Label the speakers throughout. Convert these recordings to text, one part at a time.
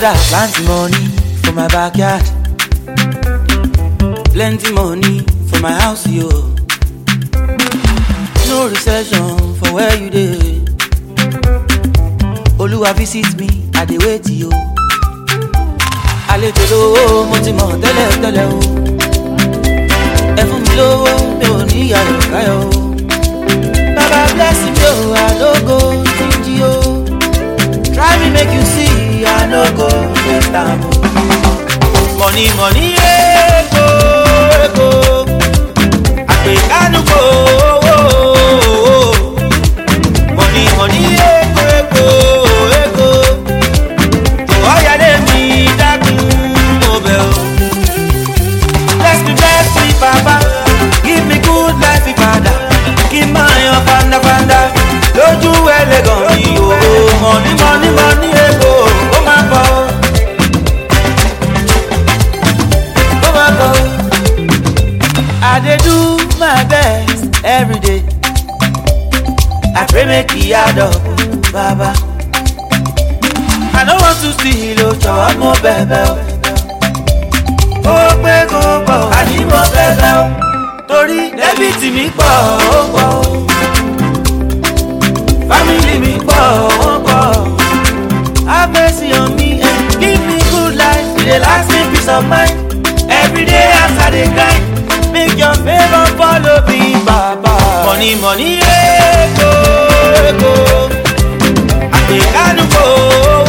Speaker 1: father plenty money for my backyard plenty money for my house yo no recession for where you dey olúwa visit me i dey wait yo àlejò lówó mo ti mọ̀ tẹ́lẹ̀ tẹ́lẹ̀ o ẹ fún mi lówó mi ò ní ìyàwó káyọ̀ o baba bless me o go jíjí o try me make you see. i no go get am money money ego ego àpèkánugo. make e add up baba. I no want to see lo jọ̀wọ́ mo bẹ̀bẹ̀ o. Ó pé kó pọ̀ àní mo bẹ̀bẹ̀ o. Torí débìtì mi pọ̀ ó pọ̀ o. Fámìlì mi pọ̀ ó pọ̀ o. Abẹ́sí on me and give me good life. E last me peace of mind. Every day as I dey grind. Make your favour follow me, Baba. Money, money, yeah, oh. go. I think I know.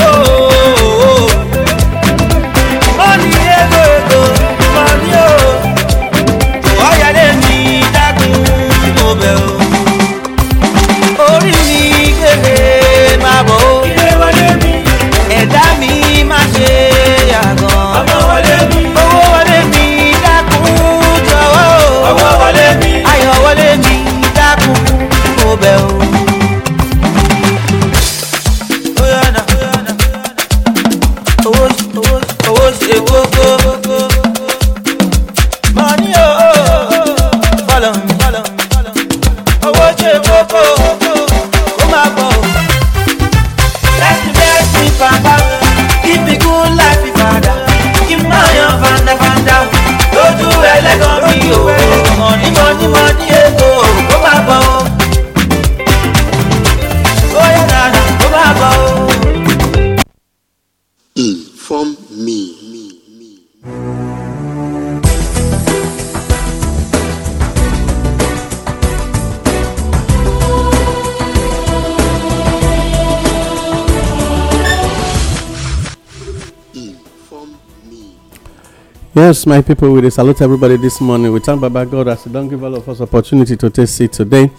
Speaker 2: Yes, my people, we salute everybody this morning. We thank Baba God as He don't give all of us opportunity to taste it today.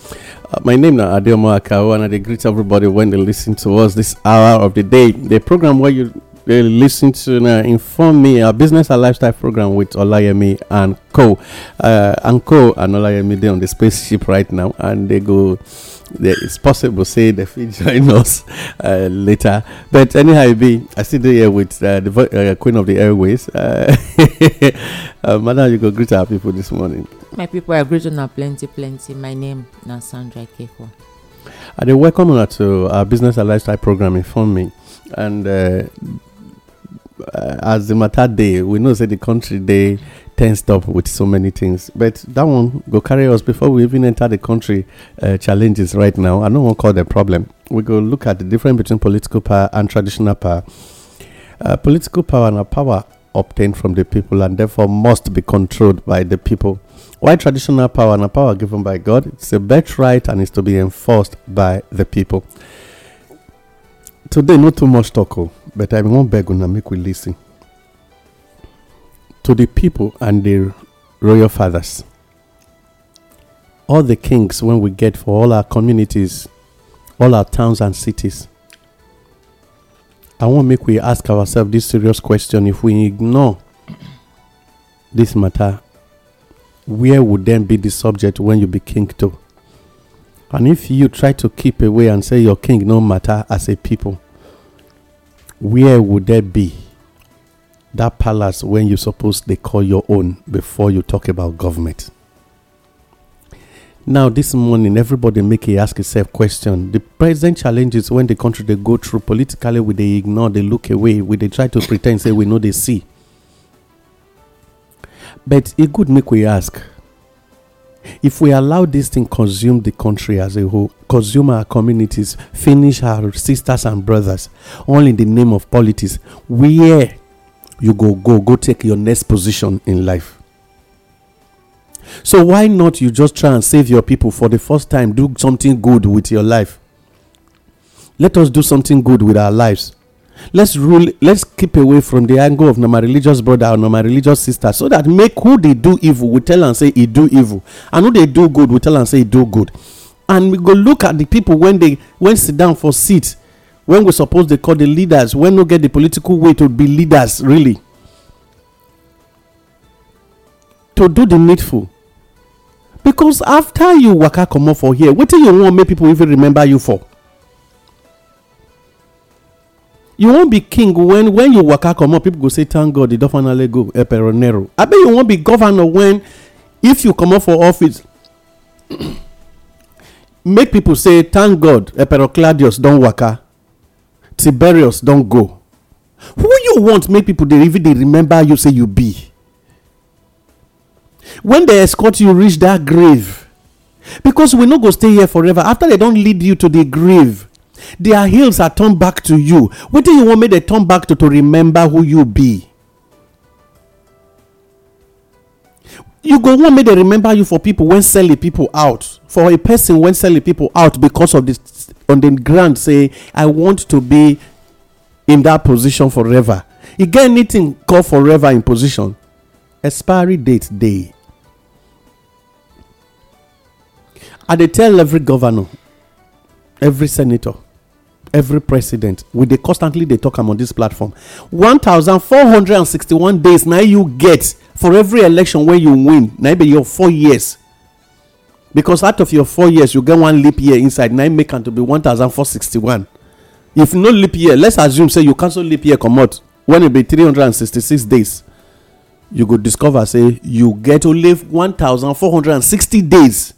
Speaker 2: Uh, my name now Adeomo Akao, and I greet everybody when they listen to us this hour of the day. The program where you listen to uh, inform me a business and lifestyle program with Olayemi and Co. Uh, and Co. and Olayemi they on the spaceship right now, and they go it's possible say the feed join us uh, later. But anyhow, be I sit here with uh, the uh, Queen of the Airways. Uh, uh, madam, you go greet our people this morning.
Speaker 3: My people are greeting now plenty, plenty. My name now Sandra Keko.
Speaker 2: And they welcome you to our business and lifestyle program. Inform me and. Uh, uh, as the matter day, we know say the country day tensed up with so many things. But that one go carry us before we even enter the country uh, challenges right now. I don't want to call the problem. We go look at the difference between political power and traditional power. Uh, political power and power obtained from the people and therefore must be controlled by the people. Why traditional power and power given by God? It's a birthright and is to be enforced by the people. Today, not too much talk, oh, but I won't beg on make we listen to the people and the royal fathers. All the kings, when we get for all our communities, all our towns and cities, I want make we ask ourselves this serious question: If we ignore this matter, where would then be the subject when you be king to? And if you try to keep away and say your king no matter as a people, where would that be? that palace when you suppose they call your own before you talk about government. Now, this morning, everybody make a ask yourself question. The present challenges when the country they go through politically, we they ignore, they look away, we they try to pretend say we know they see. But it could make we ask. If we allow this thing consume the country as a whole, consume our communities, finish our sisters and brothers, all in the name of politics, where you go go go take your next position in life so why not you just try and save your people for the first time do something good with your life let us do something good with our lives let's rule let's keep away from the angle of my religious brother or my religious sister so that make who they do evil we tell and say he do evil and who they do good we tell and say he do good and we go look at the people when they when sit down for seat when we suppose dey call the leaders wey no get the political way to be leaders really to do the needful because after you waka comot for here wetin you wan make people even remember you for you wan be king when when you waka comot People go say thank god the don finally go eperonero bet you wan be governor when if you comot for office make people say thank god eperocladius don waka tiberius don go who you want make people dey even dey remember you say you be When they escort you reach that grave because we no go stay here forever after they don lead you to the grave their heels are turned back to you wetin you want make dem turn back to to remember who you be you go wan make they remember you for people When selling people out for a person when selling people out because of this on the ground say i want to be in that position forever e get anything call forever in position expiry date day. And they tell every governor every senator every president we dey constantly they talk am on dis platform 1461 days Now you get for every election wey you win na be your four years because out of your four years you get one leap year inside na make am to be one thousand four sixty one. if no leap year let's assume say you cancel leap year comot when e be three hundred and sixty six days you go discover say you get only sixty days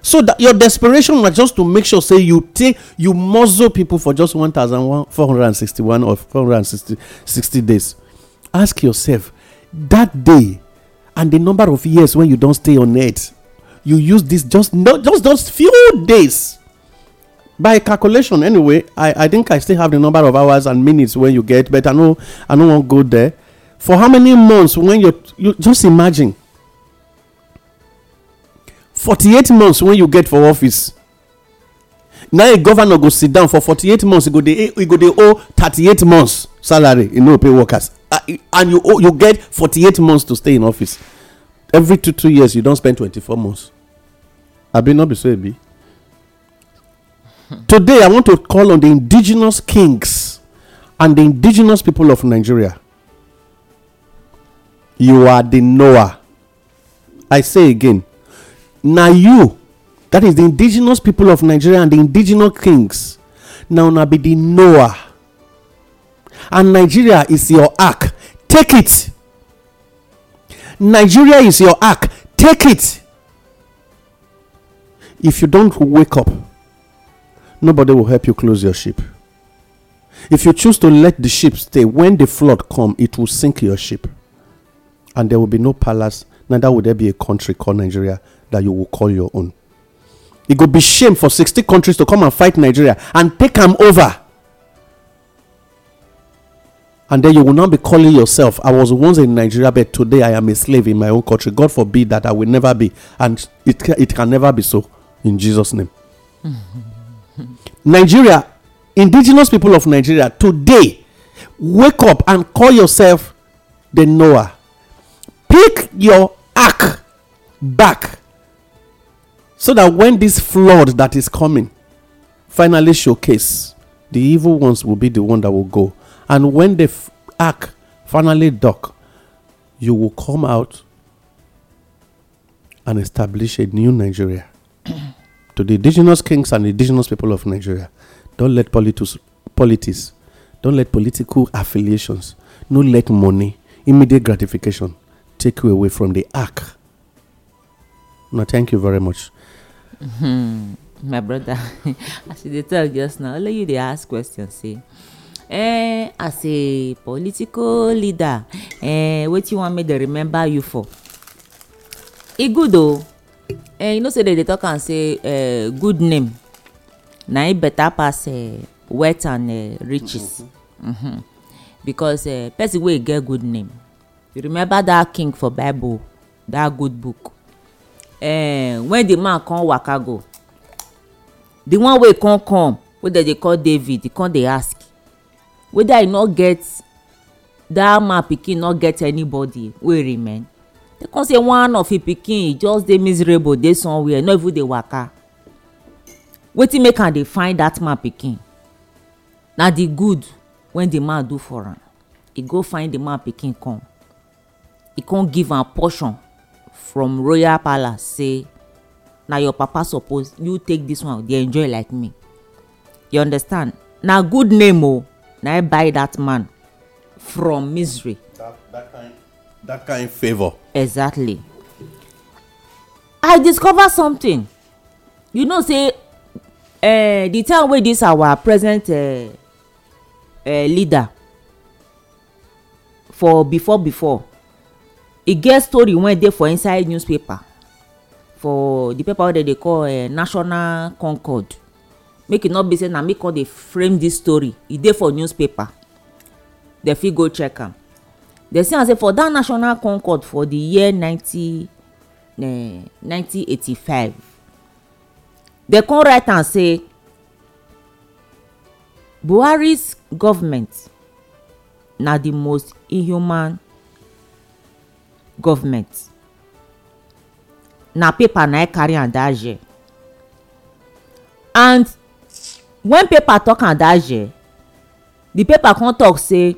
Speaker 2: so that your desperation na just to make sure say you take you muzzle people for just one thousand four hundred sixty one or four hundred sixty days ask yourself that day and the number of years when you don stay on earth you use this just just just few days by calculation anyway i i think i still have the number of hours and minutes wey you get but i no i no wan go there for how many months when you you just imagine forty eight months when you get for office Now a governor go sit down for 48 months e go dey owe 38 months salary e no pay workers ah, and you you get 48 months to stay in office every two two years you don spend 24 months abi not be so e be hmm. today i want to call on the indigenous kings and the indigenous people of nigeria you are the noah i say again na you that is the indigenous people of nigeria and the indigenous kings now na be the noah and nigeria is your ark take it nigeria is your ark take it if you don't wake up nobody will help you close your ship if you choose to let the ship stay when the flood come it will sink your ship and there will be no palace neither will there be a country called nigeria that you will call your own e go be shame for 60 countries to come and fight nigeria and take am over and then you will not be calling yourself i was once in nigeria but today i am a slave in my own country god forbid that i will never be and it, it can never be so in jesus name nigeria indigenous people of nigeria today wake up and call yourself the noah pick your ark back so that when this flood that is coming finally showcase the evil ones will be the one that will go and when the ark finally dock you will come out and establish a new nigeria to the indigenous kings and indigenous people of nigeria don't let politics politics don't let political affiliations no let money immediate gratification take you away from the ark now thank you very much
Speaker 3: Hmm. my brother as you dey talk just now only you dey ask question say eh as a political leader eh wetin you wan make dem remember you for e good o eh you know say dem dey talk am say eh good name na e better pass eh, wealth and eh, riches mm -hmm. because eh, person wey get good name you remember that king for bible that good book um, when the man come waka go the one wey come come wey dem dey call david he come dey ask whether he no get that man pikin no get anybody wey remain they come say one of him pikin just dey miserable dey somewhere no even dey waka wetin make am dey find that man pikin na the good wey the man do for am he go find the man pikin come He come give am portion from royal palace say na your papa suppose you take this one dey enjoy like me you understand na good name o oh. na him buy that man from misery.
Speaker 2: that that kind that kind favour.
Speaker 3: exactly i discover something you know say uh, the time wey this our present uh, uh, leader for before before e get story wey dey for inside newspaper for the paper wey dem dey call uh, national concord make e no be say na me come dey frame this story e dey for newspaper dem fit go check am dem see am say for that national concord for the year ninety eh, nineteen eighty-five dem come write am say buhari's government na the most inhuman government na paper na i e carry am that year and when paper talk am that year the paper come talk say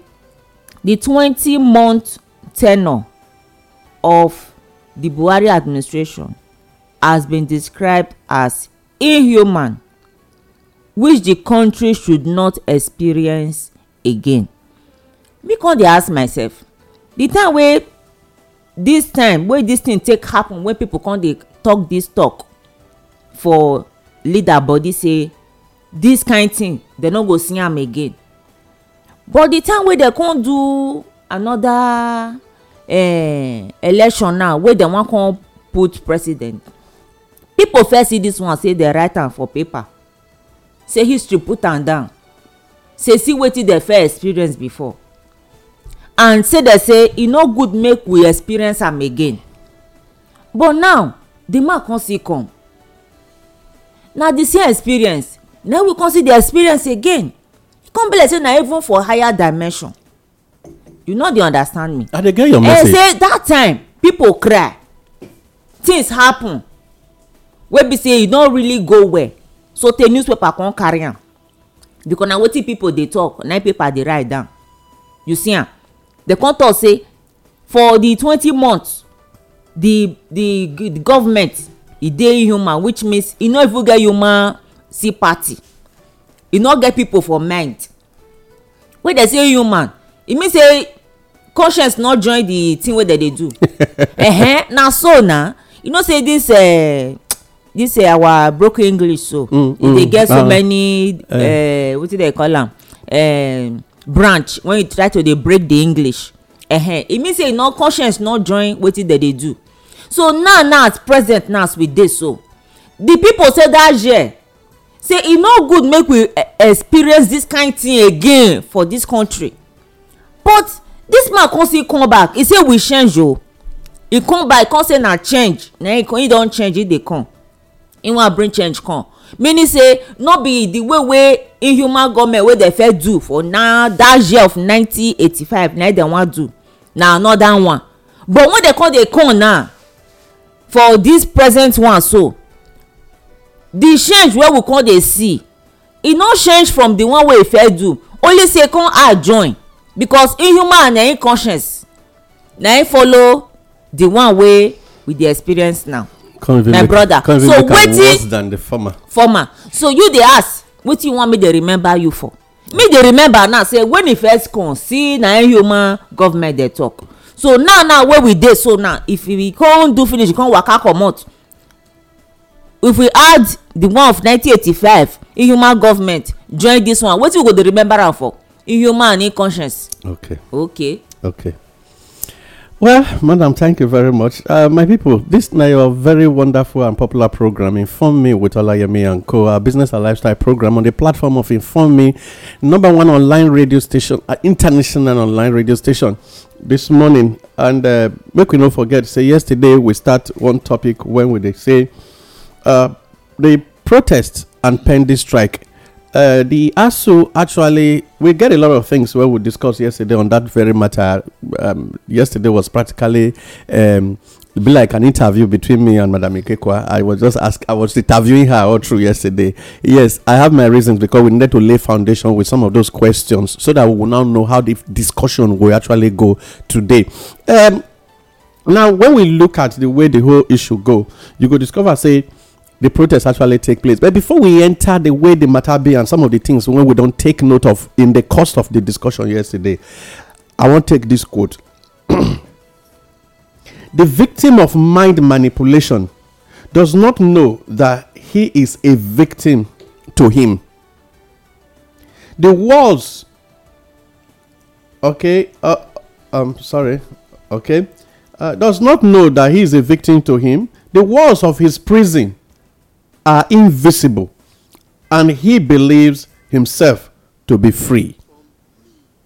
Speaker 3: the twenty month ten ure of the buhari administration has been described as inhuman which the country should not experience again me come dey ask myself the time wey this time wey this thing take happen when people come dey talk this talk for leader body say this kind thing dem no go see am again but the time wey dem come do another uh, election now wey dem wan come put president people first see this one say dem write am for paper say history put am down say see wetin dem first experience before and say dem say e no good make we experience am again but now the man come see come na the same experience na we come see the experience again e come be like say na even for higher dimension you no dey understand me. i dey get your message. eh say that time people cry things happen wey be say e no really go well so tey newspaper come carry am because na wetin people dey talk na paper dey write down you see am dem come talk say for the twenty months the the the government e dey human which means e no even get human see party, e no get people for mind when dem say human e mean say conscience no join the thing wey dem dey do uh -huh. na so na you know say this uh, this uh, our broken english so mm, e dey mm, get so uh-huh. many uh, eh. uh, wetin dem call am. Uh, branch when you try to dey break the english uh-huh. e mean say no conscience no join wetin dem dey do so now now at present now as we dey so the people say that year say e no good make we eh, experience this kind thing again for this country but this man come still come back He say we change o oh. e come back e come say na change na he don change He dey come He wan bring change come meaning say no be the way wey inhuman goment wey dem first do for na that year of 1985 na e dem wan do na another one but when dem come dey come now for this present one so the change wey we come dey see e no change from the one wey e first do only say e come add join because inhuman na in conscience na in follow the one wey we dey experience now
Speaker 2: my brother so wetin
Speaker 3: former so you dey ask wetin you want me dey remember you for me dey remember now say when e first come see na human government dey talk so now now wey we dey so now if we come do finish come waka comot if we add the one of 1985 human government join this one wetin we go dey remember am for human in conscience. okay okay
Speaker 1: okay.
Speaker 2: Well, madam, thank you very much. Uh, my people, this now your very wonderful and popular program, Inform Me with Olayemi and Co., our business and lifestyle program on the platform of Inform Me, number one online radio station, uh, international online radio station this morning. And uh, make we not forget, say yesterday we start one topic when we they say uh, the protest and pending strike uh, the ASU actually, we get a lot of things where we discussed yesterday on that very matter. Um, yesterday was practically um, be like an interview between me and Madam Ikekwa. I was just asked, I was interviewing her all through yesterday. Yes, I have my reasons because we need to lay foundation with some of those questions so that we will now know how the discussion will actually go today. Um, now, when we look at the way the whole issue go, you could discover, say, the protests actually take place. But before we enter the way the matter be and some of the things when we don't take note of in the course of the discussion yesterday, I want to take this quote. the victim of mind manipulation does not know that he is a victim to him. The walls, okay, uh, I'm um, sorry, okay, uh, does not know that he is a victim to him. The walls of his prison are invisible, and he believes himself to be free.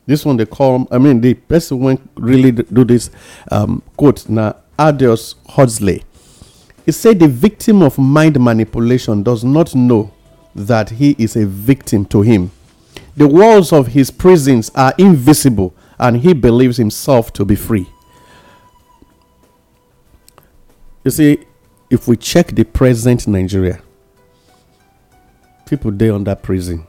Speaker 2: This one they call, I mean, the person who really do this um, quote now, Adios Hodsley. He said the victim of mind manipulation does not know that he is a victim to him. The walls of his prisons are invisible, and he believes himself to be free. You see, if we check the present Nigeria, people dey under prison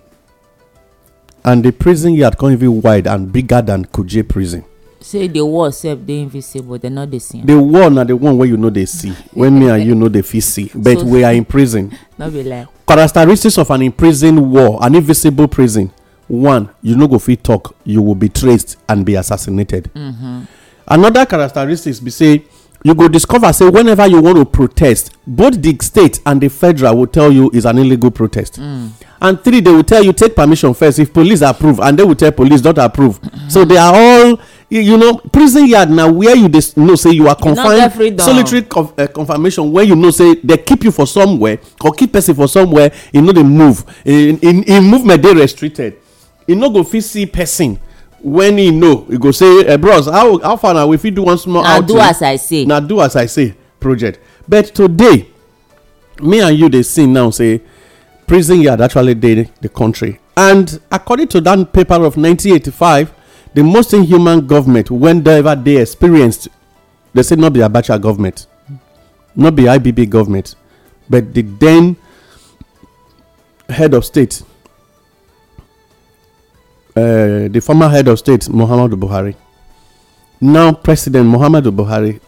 Speaker 2: and the prison yard come even wide and bigger than kuje prison
Speaker 3: say the wall sef dey invisible dem no dey see am di
Speaker 2: wall na di one wey you no dey see wey me and you no dey fit see but we are in prison no be lie characteristics of an imprisoned war, an invisible prison one you no go fit talk you will be traced and be assassinated mm-hmm. another characteristics be say you go discover say whenever you want to protest both the state and the federal will tell you is an illegal protest mm. and three they will tell you take permission first if police approve and they will tell police not approve so they are all you know prison yard na where you dey know say you are confined solitary eh, confirmation where you know say they keep you for somewhere or keep person for somewhere e no dey move in in movement dey restricted e no go fit see person when he know he go say eh bros how how far na we fit do one small outing na do as i say na do as i say project but today me and you dey see now say prison yard actually dey the country and according to that paper of 1985 the most inhuman government when they ever dey experienced they say not be abacha government not be ibb government but the then head of state Eh, the former head of state Muhammadu Buhari, now President Muhammadu Buhari,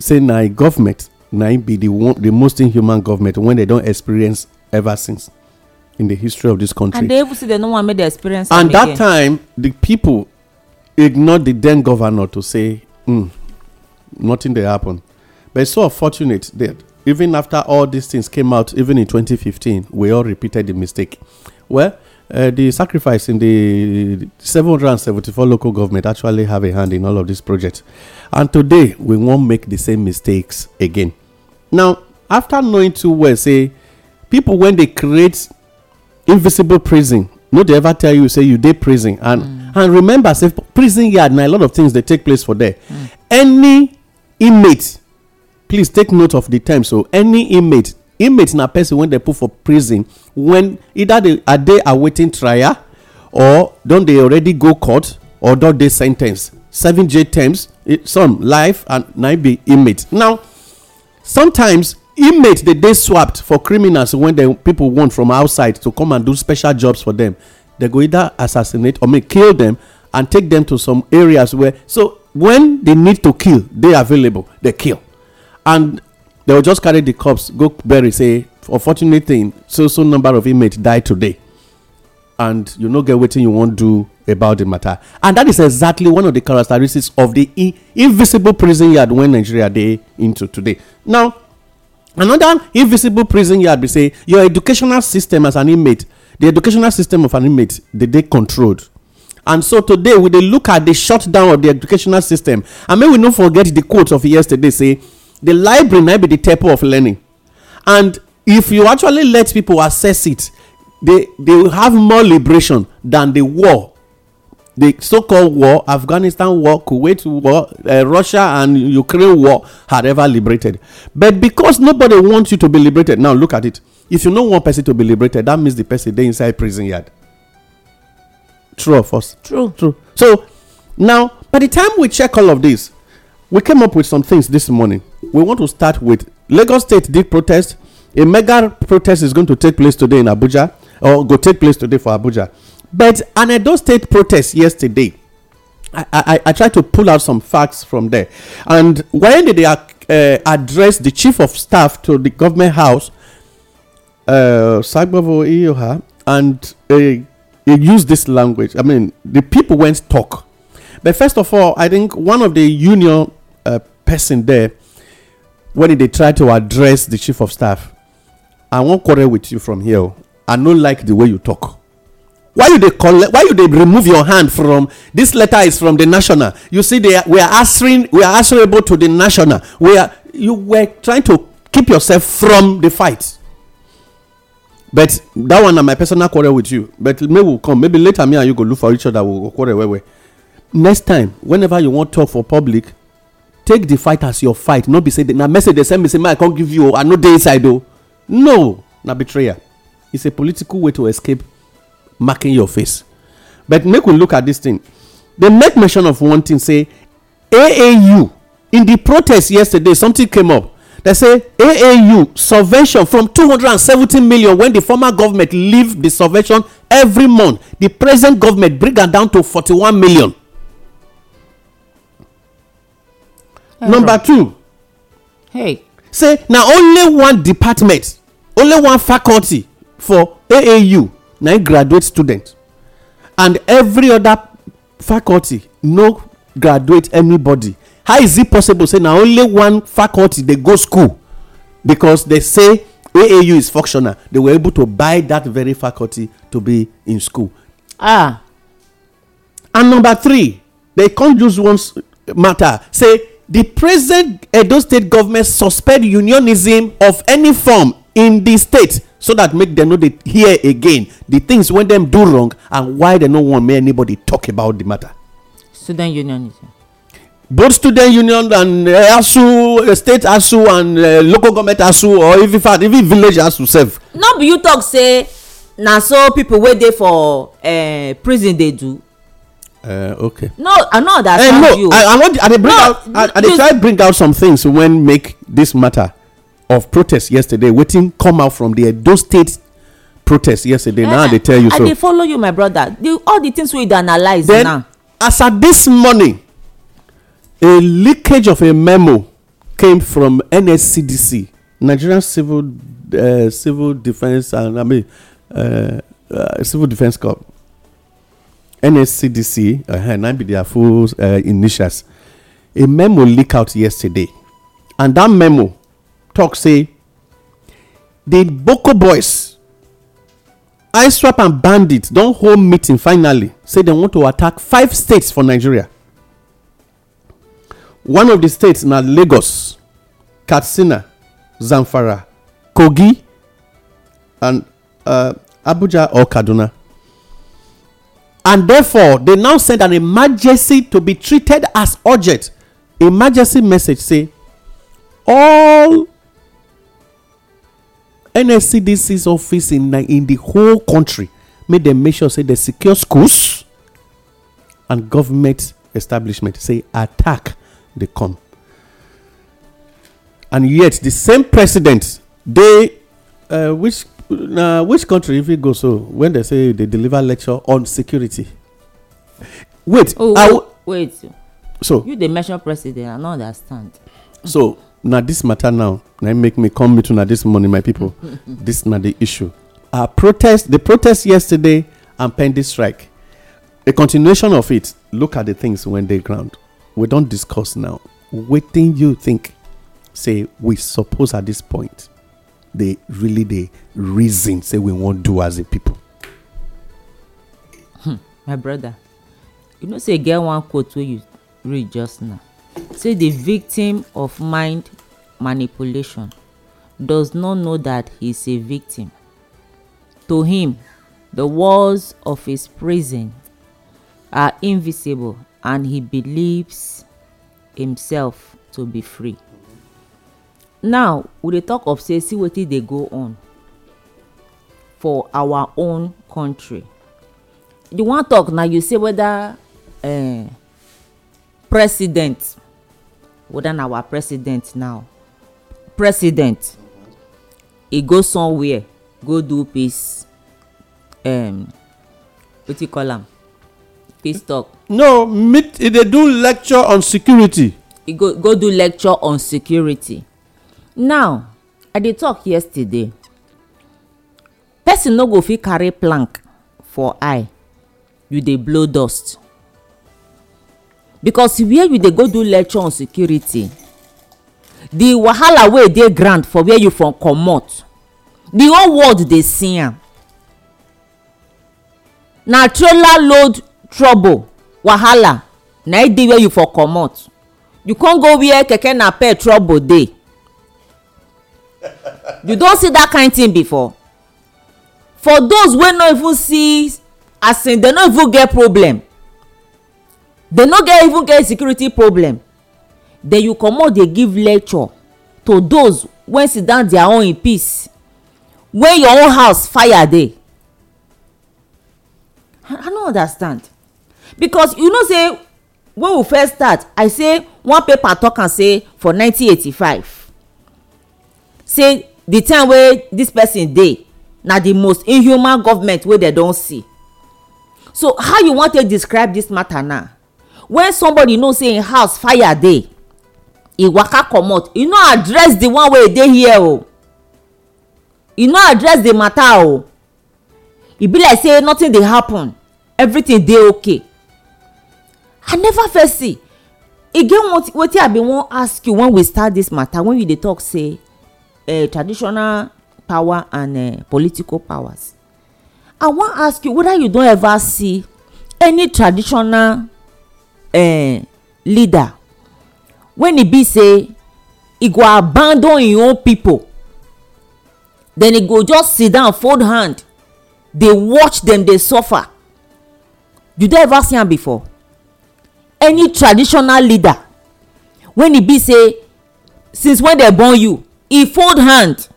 Speaker 2: say na government na be the one the most inhuman government when they don experience ever since in the history of this country. and
Speaker 3: they even say they no wan make they experience and that again. time
Speaker 2: the people ignored the then governor to say mm, nothing dey happen but it's so unfortunate that even after all these things came out even in 2015 we all repeated the mistake well Uh, the sacrifice in the 774 local government actually have a hand in all of these projects. And today, we won't make the same mistakes again. Now, after knowing too well, say, people, when they create invisible prison, no they ever tell you say you did prison and mm. and remember say prison yard now a lot of things they take place for there mm. any inmate please take note of the time so any inmate inmate na person wey dem put for prison when either they are they awaiting trial or don they already go court or don they sen ten ce seven j terms eh, some life and na be inmate now sometimes inmate dey dey swapped for criminals when dem people want from outside to come and do special jobs for dem dem go either assassinate or may kill dem and take dem to some areas where so when the need to kill dey available dey kill and they will just carry the corpse go bury say unfortunately, thing so so number of inmates die today and you no get wetin you wan do about the matter and that is exactly one of the characteristics of the in invisible prison yard wey nigeria dey into today now another invisible prison yard be say your educational system as an inmate the educational system of an inmate dey dey controlled and so today we dey look at the shutdown of the educational system and make we no forget the quote of yesterday say the library might be the temple of learning and if you actually let people access it they they will have more liberation than the war the so-called war afghanistan war kuwait war uh, russia and ukraine war had ever liberated but because nobody wants you to be liberated now look at it if you know one person to be liberated that means the person they inside prison yard true or false true true so now by the time we check all of this we came up with some things this morning we want to start with Lagos State did protest. A mega protest is going to take place today in Abuja, or go take place today for Abuja. But an Edo State protest yesterday, I, I, I tried to pull out some facts from there. And when did they uh, address the chief of staff to the government house, uh, and they, uh, they used this language? I mean, the people went talk. But first of all, I think one of the union uh, person there when they try to address the chief of staff i wan quarrel with you from here oh. i no like the way you talk why you dey collect why you dey remove your hand from this letter is from the national you see they we are answering we are answerable to the national we are you were trying to keep yourself from the fight but that one na my personal quarrel with you but may we come maybe later me and you go look for each other we go quarrel well well next time whenever you wan talk for public take the fight as your fight no be say na message dey send me say may i come give you i no dey inside o no na betrayal it's a political way to escape marking your face but make we look at this thing They make mention of one thing say aau in the protest yesterday something came up They say aau subvention from 270 million when the former government leave the subvention every month the present government bring am down to 41 million number two hey say na only one department only one faculty for aau na im graduate student and every other faculty no graduate anybody how is it possible say na only one faculty dey go school because they say aau is functional they were able to buy that very faculty to be in school ah and number three they come use one matter say the present edo state government suspend unionism of any form in di state so dat make dem no dey hear again di things wey dem do wrong and why dem no wan make anybody tok about di matter.
Speaker 3: student unionism.
Speaker 2: both student union and eh, asu eh, state asu and eh, local government asu or even fact even village asu sef.
Speaker 3: no be you talk say na so pipo wey dey for prison dey do
Speaker 2: Uh, okay.
Speaker 3: No, I'm not that. hey, eh, no, you. I, I
Speaker 2: want. I did bring no, out. I, I try bring out some things when make this matter of protest yesterday. Waiting come out from the Those states protest yesterday. Yes, now eh, they tell you I so. I
Speaker 3: follow you, my brother. The, all the things we analyze then, now.
Speaker 2: as at this morning, a leakage of a memo came from NSCDC, Nigerian Civil uh, Civil Defence and uh, I mean uh, uh, Civil Defence Corps NSCDC, uh, uh-huh, and I be their full uh, initials. A memo leak out yesterday, and that memo talk say the Boko boys, ISWAP and bandits don hold meeting finally say dem want to attack five states for Nigeria. One of the states na Lagos, Katsina, Zamfara, Kogi, and uh, Abuja or Kaduna and therefore they now send an emergency to be treated as urgent emergency message say all nscdc's office in in the whole country make dem make sure say dem secure schools and government establishment say attack dey come and yet the same president dey uh, which na which country if you go so when they say they deliver lecture on security wait oh wait so
Speaker 3: you dey mention president i no understand
Speaker 2: so na this matter now na make me come meet una this morning my people This na the issue Our protest the protest yesterday and pending strike a continuation of it look at the things wey dey ground we don discuss now wetin you think say we suppose at this point dey really the reason say we wan do as a people.
Speaker 3: Hmm, my brother you know say e get one quote wey you read just now say the victim of mind manipulation does not know that he is a victim to him the walls of his prison are invisible and he believes himself to be free now we dey talk of say see wetin dey go on for our own country the one talk na you say whether uh, president whether na our president now president e go somewhere go do peace um, wetin you call am peace talk. no meet e dey do lecture on security. e go go do lecture on security now i dey talk yesterday person no go fit carry plank for eye you dey blow dust because where you dey go do lecture on security the wahala wey dey ground for where you from comot the whole world dey see am na trailer load trouble wahala na e dey where you for comot you come go where keke napep trouble dey you don see that kind thing before for those wey no even see as in they no even get problem They no get even get security problem then you comot dey give lecture to those wey sit down their own in peace when your own house fire dey i, I no understand because you know say when we first start i say one paper talk am say for nineteen eighty five say the time wey this person dey na the most inhuman government wey dem don see so how you wan take describe this matter now when somebody know say im house fire dey e waka comot e no address the one wey e dey here o e no address the matter o e be like say nothing dey happen everything dey okay i never first see e get one wetin i bin wan ask you when we start this matter when you dey talk say uh, traditional power and uh, political powers i wan ask you whether you don ever see any traditional uh, leader when e be say e go abandon im own people then e go just sit down fold hand dey watch dem dey suffer you don ever see am before any traditional leader when e be say since when dem born you He fold hand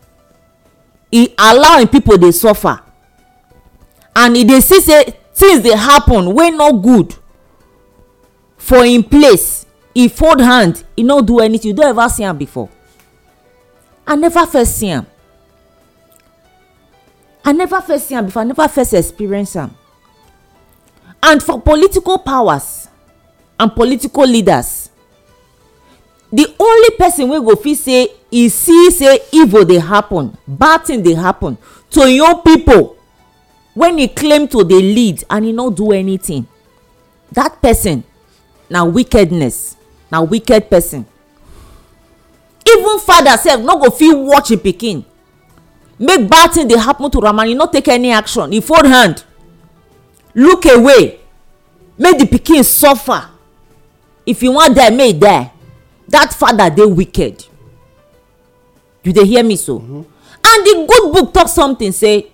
Speaker 3: he allow im pipo dey suffer and e dey see say things dey happen wey no good for im place he fold hand he no do anything you don ever see am before i never first see am i never first see am before i never first experience am and for political powers and political leaders the only person wey go fit say e see say evil dey happen bad thing dey happen to im own pipo wen e claim to dey lead and e no do anything that person na wickedness na wicked person even father sef no go fit watch im e pikin make bad thing dey happen to am and e no take any action e fold hand look away make the pikin suffer if e wan die make e die dat father dey wicked you dey hear me so mm -hmm. and the good book talk something say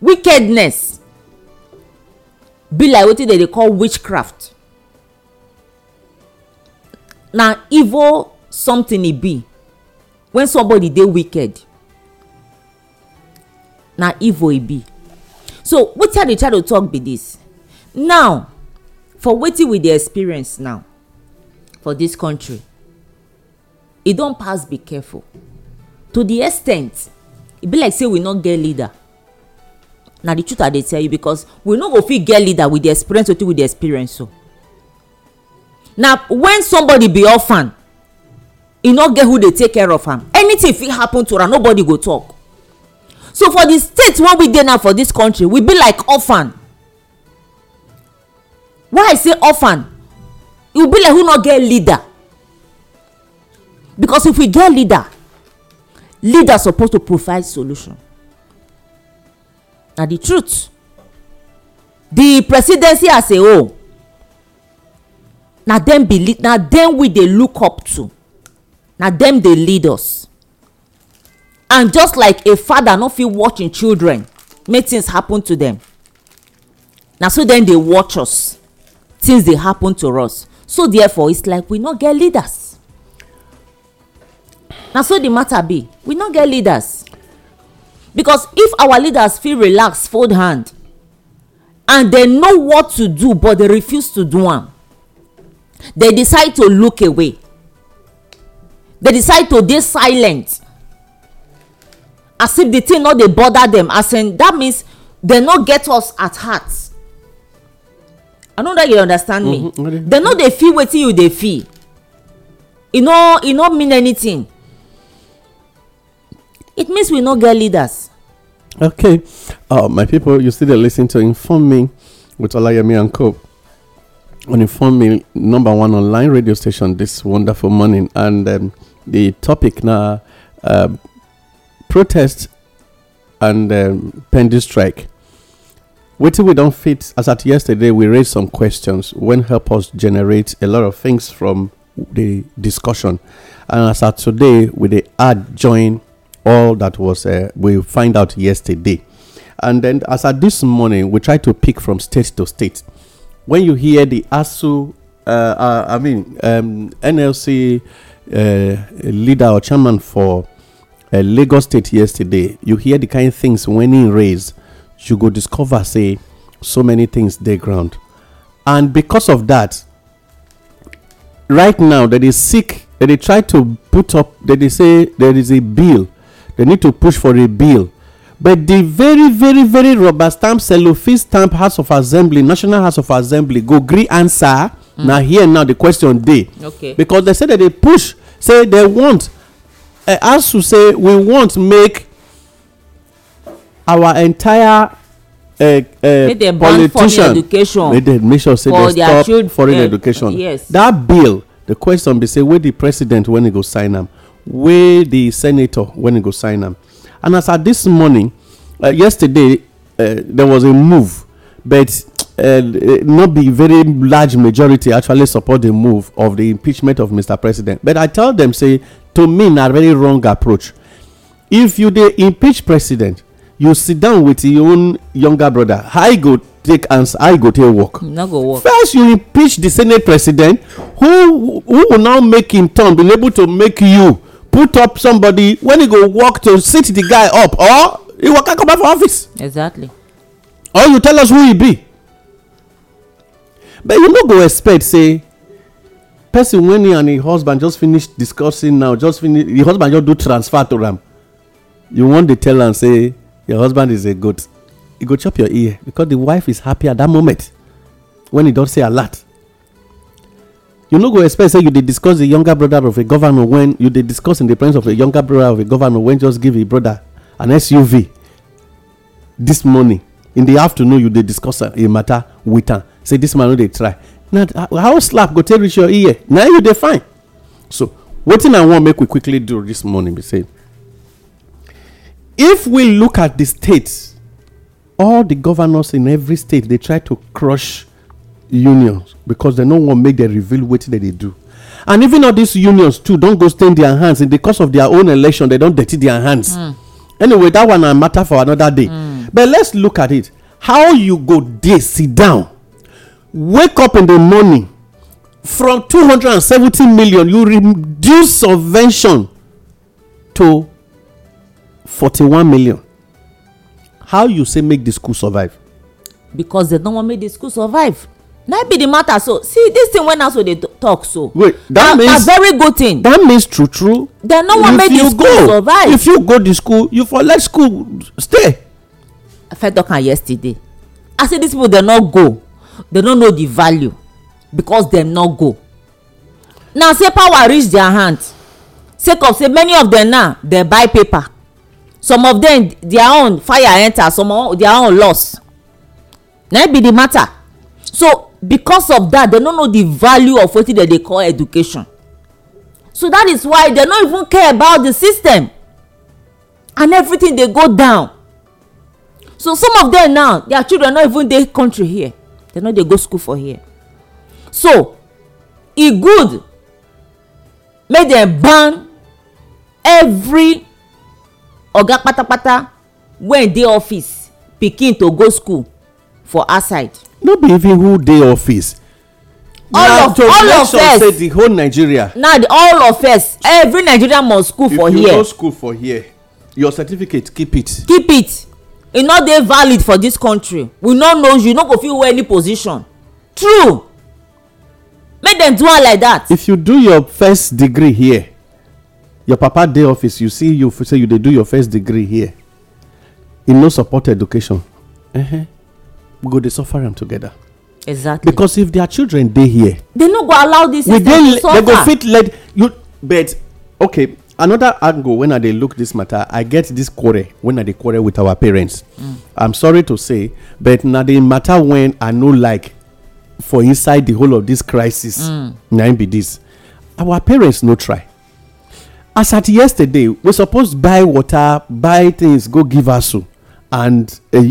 Speaker 3: wickedness be like wetin they dey call witchcraft na evil something e be when somebody dey wicked na evil e be so wetin i dey try to talk be this now for wetin we dey experience now for this country e don pass be careful to the extent ten e be like say we no get leader na the truth i dey tell you because we no go fit get leader with the experience wetin we dey experience so na when somebody be orphan e no get who dey take care of am anything fit happen to am nobody go talk so for the state wey we dey now for this country we be like orphan why i say orphan e be like who no get leader because if we get leader leader suppose to provide solution na the truth the presidency as a whole na dem be lead na dem we dey look up to na dem dey lead us and just like a father no fit watch im children make things happen to dem na so dem dey watch us things dey happen to us so therefore it's like we no get leaders na so the matter be we no get leaders because if our leaders fit relax fold hand and dem know what to do but dem refuse to do am dem decide to look away dem decide to dey silent as if the thing no dey bother dem as in that means dem no get us at heart i no know you understand me dem mm-hmm. no dey feel wetin you dey feel e no e no mean anything it means we no get leaders.
Speaker 2: okay uh, my people you still dey to inform me with olayemi and co on inform me number one online radio station this wonderful morning and um, the topic now uh, protest and um, pending strike till we don't fit as at yesterday we raised some questions when help us generate a lot of things from the discussion and as at today we the add join all that was uh, we find out yesterday. And then, as at this morning, we try to pick from state to state. When you hear the ASU, uh, uh, I mean, um, NLC uh, leader or chairman for uh, Lagos State yesterday, you hear the kind of things when he raised, you go discover, say, so many things they ground. And because of that, right now, that is sick that they try to put up that they say there is a bill they need to push for a bill but the very very very rubber stamp cellophane stamp house of assembly national house of assembly go gree answer mm. Now here now the question dey because they say that they push say they want as eh, to say we want make our entire eh, eh, politician make dem make sure say dem stop foreign education that bill the question be say wey the president when he go sign them? wey di senator wen e go sign am and as at dis morning uh, yesterday uh, there was a move but uh, no be very large majority actually support di move of di impeachment of mr president but i tell dem say to me na very wrong approach if you dey impeach president you sit down with your own younger brother how e go take answer how e go take work first you impeach di senate president who who now make him turn be able to make you put up somebody when he go work to sit the guy up or he waka come back for office exactly or you tell us who he be but you no go expect say person wey he and him husband just finish discussing now just finish the husband just do transfer to am you wan dey tell am say your husband is a goat e go chop your ear because the wife is happy at that moment when e don say alert you no go expect say you dey discuss the younger brother of a governor when you dey discuss in the presence of a younger brother of a governor when just give a brother an suv this morning in the afternoon you dey discuss a matter with am say this man no dey try na how slap go take reach your ear na you dey fine so wetin i wan make we quickly do this morning be say if we look at the states all the governors in every state dey try to crush unions because they no wan make dem reveal wetin they dey do and even all these unions too don go stain their hands in the course of their own election They don dirty their hands hmm. anyway that one na matter for another day hmm. but let's look at it how you go dey sit down wake up in the morning from two hundred and 270 million you reduce subvention to forty one million how you say make the school survive
Speaker 3: because dem no wan make the school survive that be the matter so see this thing wey naso dey talk so wait that na, means na very good thing that means true true dem no wan make the school go, survive if you go the school you for let school stay i first talk am yesterday i say these people dem no go dem no know the value because dem no go na say power reach their hand sake of say many of dem now dey buy paper some of dem their own fire enter some of their own loss na be the matter so because of that they no know the value of wetin they dey call education so that is why they no even care about the system and everything dey go down so some of them now their children no even dey country here They no dey go school for here so e good make dem ban every oga patapata wey dey office pikin to go school
Speaker 2: for outside no be even who dey office all of all of us say the whole nigeria
Speaker 3: na all of us every nigerian must school for here if you no school for here your certificate keep it keep it e no dey valid for dis country we no know you no go fit wear any position true make dem do am like
Speaker 2: that. if you do your first degree here your papa dey office you see you say you dey do your first degree here e no support education Uh huh we go dey suffer am together exactly because if their children dey here
Speaker 3: they no go allow this. system to suffer they go fit let
Speaker 2: you but okay another angle when i dey look this matter i get this quarrel when i dey quarrel with our parents mm. i'm sorry to say but na the matter when i no like for inside the whole of this crisis mm. na im be this our parents no try as at yesterday we suppose buy water buy things go give us so and uh, uh,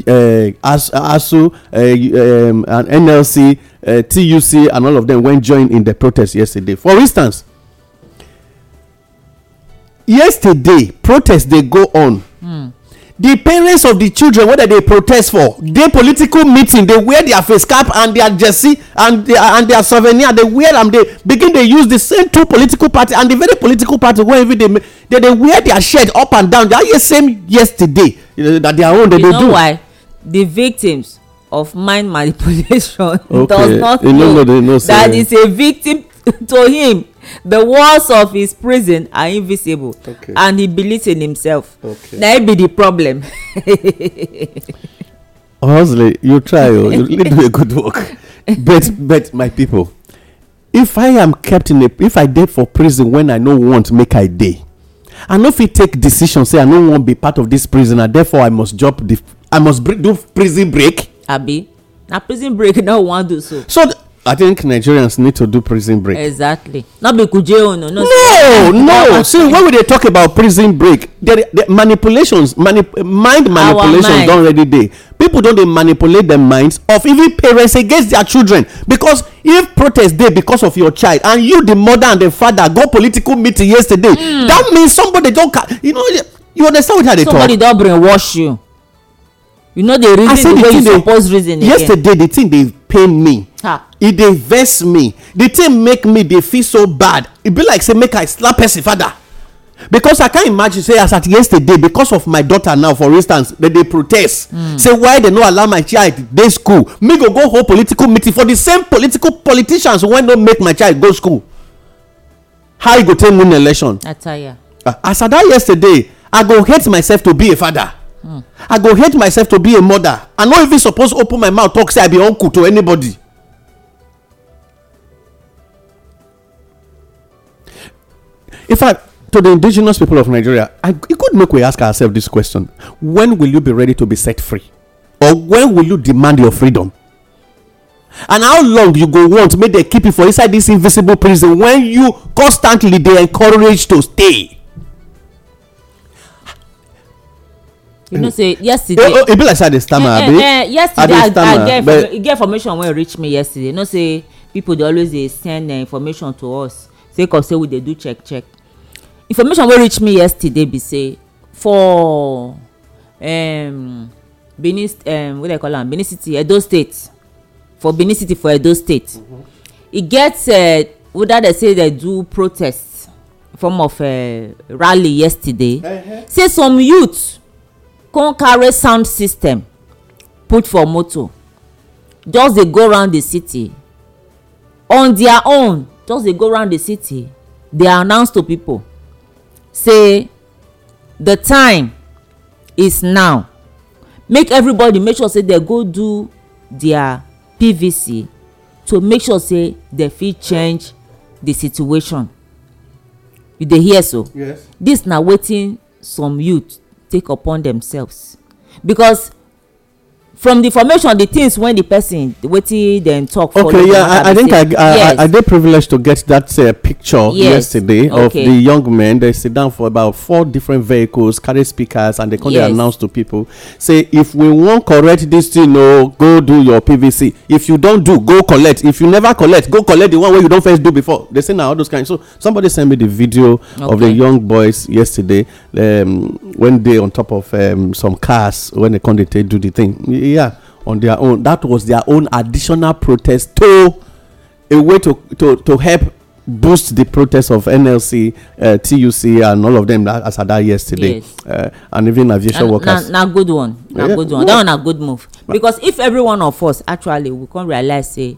Speaker 2: ASU, uh, um, and NLC, uh, TUC, and all of them went join in the protest yesterday. For instance, yesterday protest they go on. Mm the parents of the children wey dem dey protest for dey political meeting dey wear their face cap and their jersey and their and their souvenir dey wear am dey begin dey use the same two political party and the very political party wey even dey dey dey wear their shirt up and down that year same yesterday that their own dem dey do. you know why
Speaker 3: the victims of mind manipulation okay. does not know, know that is a victim to him the walls of his prison are invisible okay. and he believes in himself okay. na be the problem.
Speaker 2: honestly you try o oh. you really do a good work but but my people if i am kept in a if i dey for prison when i no want make i dey i no fit take decision say i no wan be part of this prison, prisoner therefore i must drop the i must do prison break.
Speaker 3: abi na prison break no wan do so. so
Speaker 2: I think Nigerians need to do prison break.
Speaker 3: Exactly. Not be Kujeo, no, no.
Speaker 2: No, no. See, when we they talk about prison break, the, the manipulations, manip, mind manipulations don't already day. People don't they manipulate their minds of even parents against their children. Because if protest day because of your child and you, the mother and the father, go political meeting yesterday, mm. that means somebody don't, you know, you understand what I talk? Somebody don't brainwash you. You know, they reason the way you they, suppose reason. Yesterday, again. the thing they pain me e dey vex me the thing make me dey feel so bad e be like say make i slap person father because i can't imagine say as at yesterday because of my daughter now for instance they dey protest hmm. say why they no allow my child dey school me go go hold political meeting for the same political politicians wey no make my child go school how you go take win election
Speaker 3: ah,
Speaker 2: as I that yesterday i go hate myself to be a father hmm. i go hate myself to be a mother i no even suppose open my mouth talk say i be uncle to anybody. In fact, to the indigenous people of Nigeria, I, it could make we ask ourselves this question When will you be ready to be set free? Or when will you demand your freedom? And how long you go want May they keep you for inside this invisible prison when you constantly they encourage to stay?
Speaker 3: you know say yesterday eh, oh, It be like say i dey stammer Yeah, eh, eh, yesterday i get information when you reach me yesterday you know say people they always dey send information to us sake of say we they do check check information wey reach me yesterday be say for um, benin um, what do i call am benin city edo state for benin city for edo state mm -hmm. e get uh, whether they say they do protest form of uh, rally yesterday uh -huh. say some youths come carry sound system put for motor just dey go round the city on their own just dey go round the city dey announce to people say the time is now make everybody make sure say they go do their pvc to make sure say they fit change the situation you dey hear so yes this na wetin some youth take upon themselves because from the formation the things when the person wetin dem talk okay yeah i, I think i I, yes.
Speaker 2: I, I dey privileged to get that uh, picture yes. yesterday okay. of the young men they sit down for about four different vehicles carry speakers and they come yes. dey announce to people say if we wan correct this thing o go do your pvc if you don do go collect if you never collect go collect the one wey you don first do before they say na all those kind so somebody send me the video okay. of the young boys yesterday um, when they on top of um, some cars when they come dey take do the thing. It, yeah, on their own. That was their own additional protest to a way to to, to help boost the protest of NLC, uh, TUC, and all of them that, as at that yesterday, yes. uh, and even aviation and, workers. Now, good one, now yeah, good one. That one a good
Speaker 3: move because if every one of us actually we can realize say,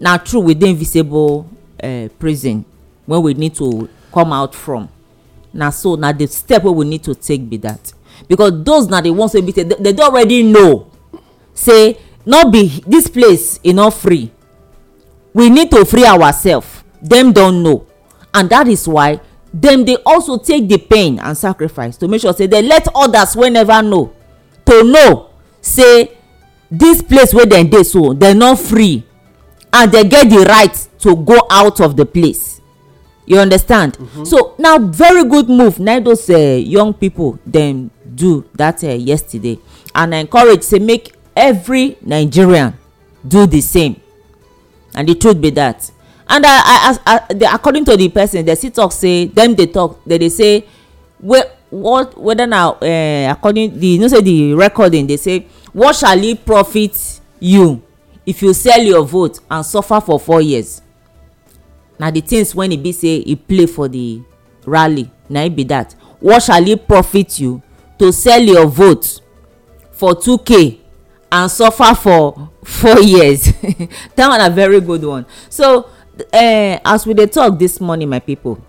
Speaker 3: now true we the invisible uh, prison where we need to come out from. Now so now the step we need to take be that because those na the ones wey be say they, they don already know say no be this place e no free we need to free ourselves dem don know and that is why dem dey also take the pain and sacrifice to make sure say dem let others wey never know to know say this place wey dem dey so dem no free and dem get the right to go out of the place you understand mm-hmm. so na very good move na those eh, young people dem do dat eh, yesterday and i encourage say make every nigerian do the same and the truth be that and i i as the according to the person they still talk say dem dey talk they dey say wey what whether na uh, eh, according the you know say the recording dey say what shall it profit you if you sell your vote and suffer for four years na the things when e be say e play for the rally na it be that what shall it profit you to sell your vote for 2k and suffer for four years that one na very good one so uh, as we dey talk this morning my people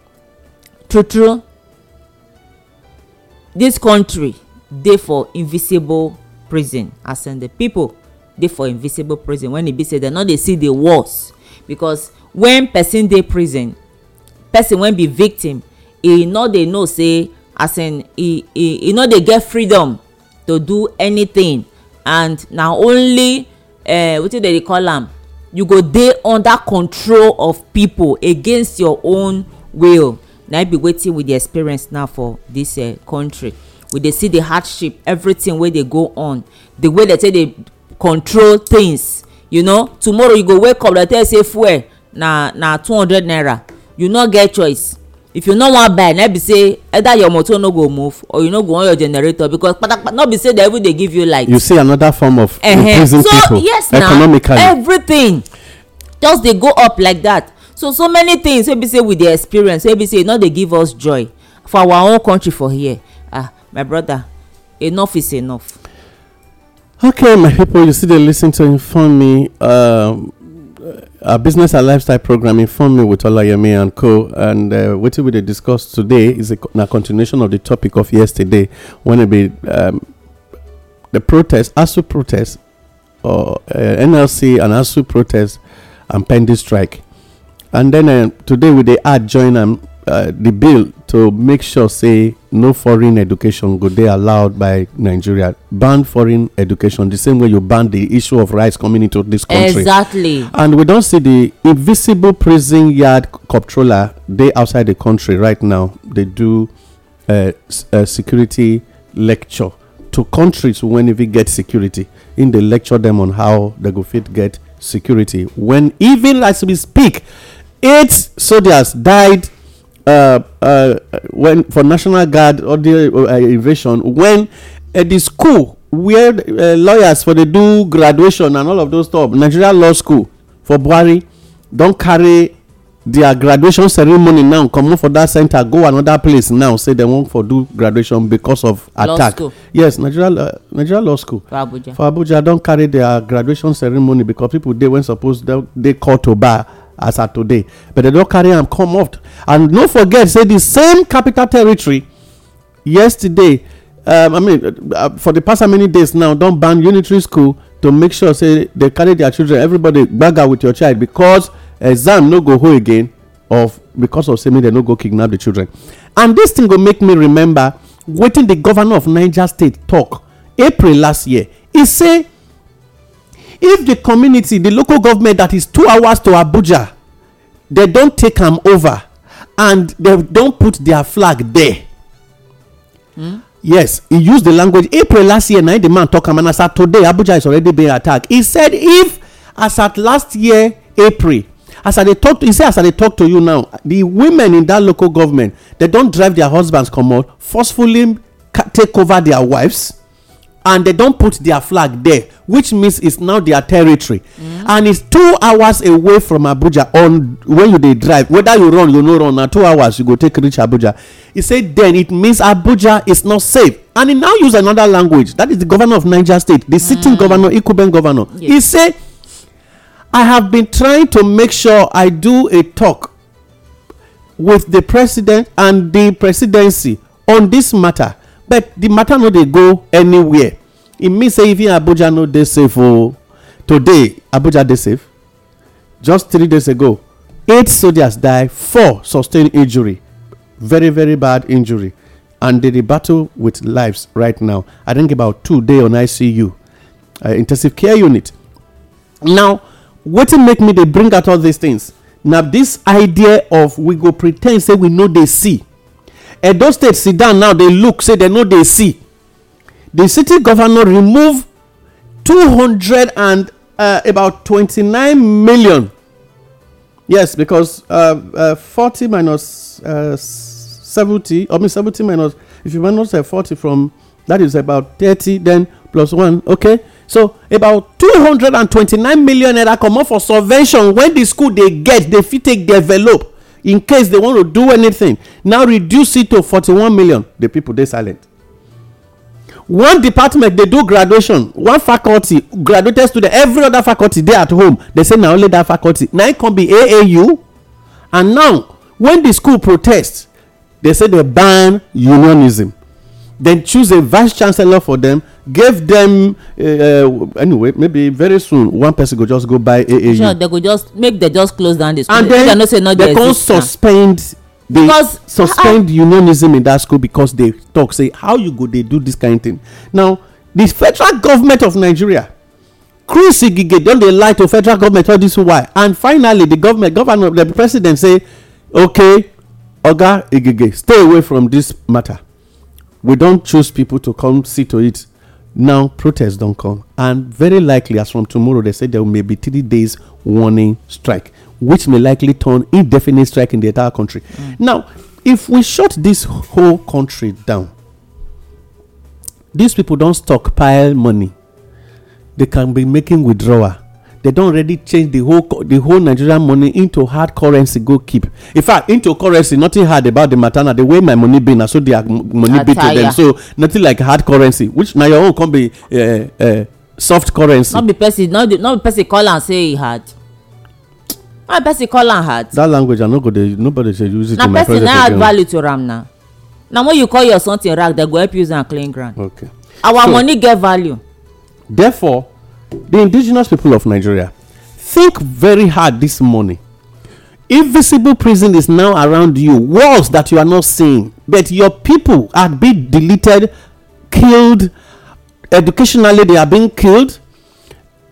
Speaker 3: true true this country dey for invisible prison as in the people dey for invisible prison when e be say dem no dey see the walls because when person dey prison person wey be victim e no dey know say as in e e e no dey get freedom to do anything and na only uh, eh, wetin dem dey call am you go dey under control of people against your own will na be wetin we dey experience now for dis uh, eh, country we dey see the hardship everything wey dey go on the way dem take dey control things you know tomorrow you go wake up dem tell you say fuel na na two hundred naira you no get choice if you no wan buy na be say either your motor no go move or you no go on your generator because patapa no be say dem even dey give you light. you see
Speaker 2: another form of uh -huh. imprison so, people yes, economically. so yes na
Speaker 3: everything just dey go up like that so so many things wey be say we dey experience wey be say e no dey give us joy for our own country for here ah my brother enough is enough.
Speaker 2: okay my people you still dey lis ten to inform me um, A uh, business and lifestyle program inform me with Olayemi and Co. And uh, what we discussed today is a, a, continuation of the topic of yesterday when it be um, the protest, ASU protest, or uh, NLC and ASU protest and pending strike. And then uh, today we they add join um, uh, the bill to make sure say no foreign education go dey allowed by nigeria ban foreign education the same way you ban the issue of rights coming into this country exactly and we don see the invisible prison yard controller dey outside the country right now dey do a uh, uh, security lecture to countries when even get security in dey lecture them on how they go fit get security when even as we speak eight soldiers died Uh, uh when for national guard or the uh, invasion when the school where uh, lawyers for the do graduation and all of those stuff nigeria law school for buhari don carry their graduation ceremony now comot for that center go another place now say dem wan for do graduation because of attack yes nigeria nigeria law school for abuja for abuja don carry their graduation ceremony because people dey wey suppose dey call to bar as at today but they don't carry am come off and don't forget say the same capital territory yesterday um, i mean uh, for the past many days now don't ban unitary school to make sure say they carry their children everybody gbaga with your child because exam no go hold again of because of saying they no go kidnap the children and this thing will make me remember Waiting the governor of niger state talk april last year He say if the community the local government that is two hours to abuja they don take am over and they don put their flag there hmm? yes he use the language april last year na the man tok am and as at today abuja is already being attacked He said if as at last year april as i dey talk to say as i dey talk to you now the women in that local government dem don drive their husbands comot forcefully take over their wives and they don't put their flag there, which means it's now their territory, mm. and it's two hours away from Abuja. On when you they drive, whether you run, you no run. Now two hours, you go take reach Abuja. He said, then it means Abuja is not safe, and he now use another language. That is the governor of Niger State, the sitting mm. governor, Ikuben governor. Yes. He said, I have been trying to make sure I do a talk with the president and the presidency on this matter but the matter no dey go anywhere e mean say even abuja no dey safe o oh. today abuja dey safe just three days ago eight soldiers die four sustain injury very very bad injury and they dey battle with lives right now i think about two dey on icu uh, intensive care unit now wetin make me dey bring out all these things na this idea of we go pretend say we no dey see edo state sit down now dey look say dem no dey see di city govnor remove hundred and uh, about twenty-nine million yes because uh, 40 uh, minus uh, seventy, i mean seventy minus if you minus forty from that is about thirty, then plus one. okay so about two hundred and twenty-nine million naira comot for subvention wey di school dey get dey fit take develop in case they want to do anything now reduce it to 41 million the people dey silent one department dey do graduation one faculty graduated student every other faculty dey at home They say na only that faculty na it come be aau and now when the school protest they say they ban unionism then choose a vice chancellor for them give them uh, uh, anyway maybe very soon one person go just go buy aau sure
Speaker 3: they go just make they just close down the school and then no they con suspend
Speaker 2: they because suspend I, unionism in that school because they talk say how you go They do this kind of thing now the federal government of nigeria Chris igige don dey lie to federal government all this while and finally the government governor the president say okay oga igige stay away from this matter we don't choose people to come see to it now protests don't come and very likely as from tomorrow they say there may be three days warning strike which may likely turn indefinite strike in the entire country mm. now if we shut this whole country down these people don't stockpile money they can be making withdrawal they don already change the whole the whole nigerian money into hard currency go keep in fact into currency nothing hard about the matter na the way my money be na so their money be to them so nothing like hard currency which na your own come be uh, uh, soft currency. not
Speaker 3: be person not be, not be person call am say e hard
Speaker 2: not be person call am hard. that language i no go dey nobody dey use it na in my presence again na person na add value
Speaker 3: to am na na when you call your something rag dem go help you use am clean ground. okay our so, money get value.
Speaker 2: therefore the indigenous people of Nigeria, think very hard this morning. Invisible prison is now around you, walls that you are not seeing, but your people are being deleted, killed. Educationally, they are being killed.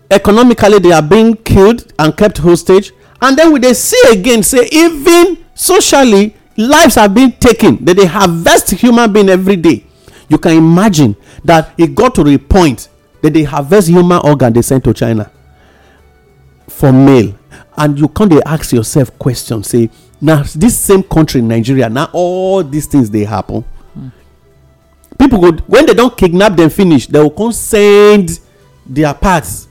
Speaker 2: Economically, they are being killed and kept hostage. And then when they see again, say even socially, lives have been taken. That they harvest human being every day. You can imagine that it got to a point then they harvest human organ they send to china for mail and you come dey ask yourself question say na this same country nigeria na all these things dey happen people go when they don kidnap them, finish They go come send their parts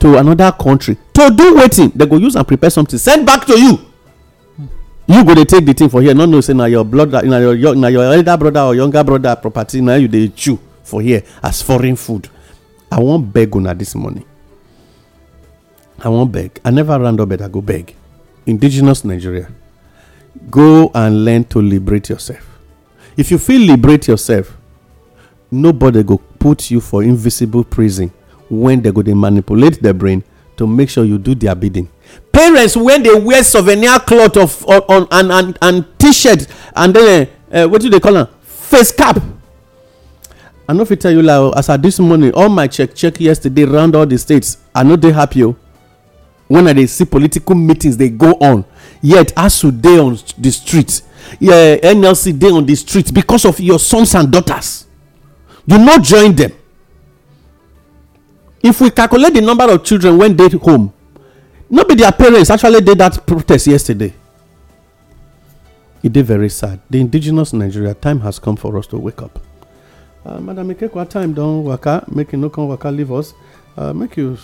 Speaker 2: to another country to do wetin They go use and prepare something send back to you you go dey take the thing for here no know say na your blood na your elder brother or younger brother property na you dey chew for here as foreign food I won't beg una this morning. I won't beg. I never round up, but I go beg. Indigenous Nigeria, go and learn to liberate yourself. If you feel liberate yourself, nobody go put you for invisible prison when they go dey manipulate their brain to make sure you do their bidding. Parents when they wear souvenir cloth of on, and and and t-shirt and then uh, what do they call am face cap i no fit tell you like as i dis morning all my check check yesterday round all the states i no dey happy o When i dey see political meetings dey go on yet asu dey on di street nlc dey on the street because of your sons and daughters you no join them. if we calculate the number of children wey dey home no be their parents actually dey that protest yesterday e dey very sad The indigenous nigeria time has come for us to wake up Uh, madam ikekwa time don waka make you no come waka leave us uh, make you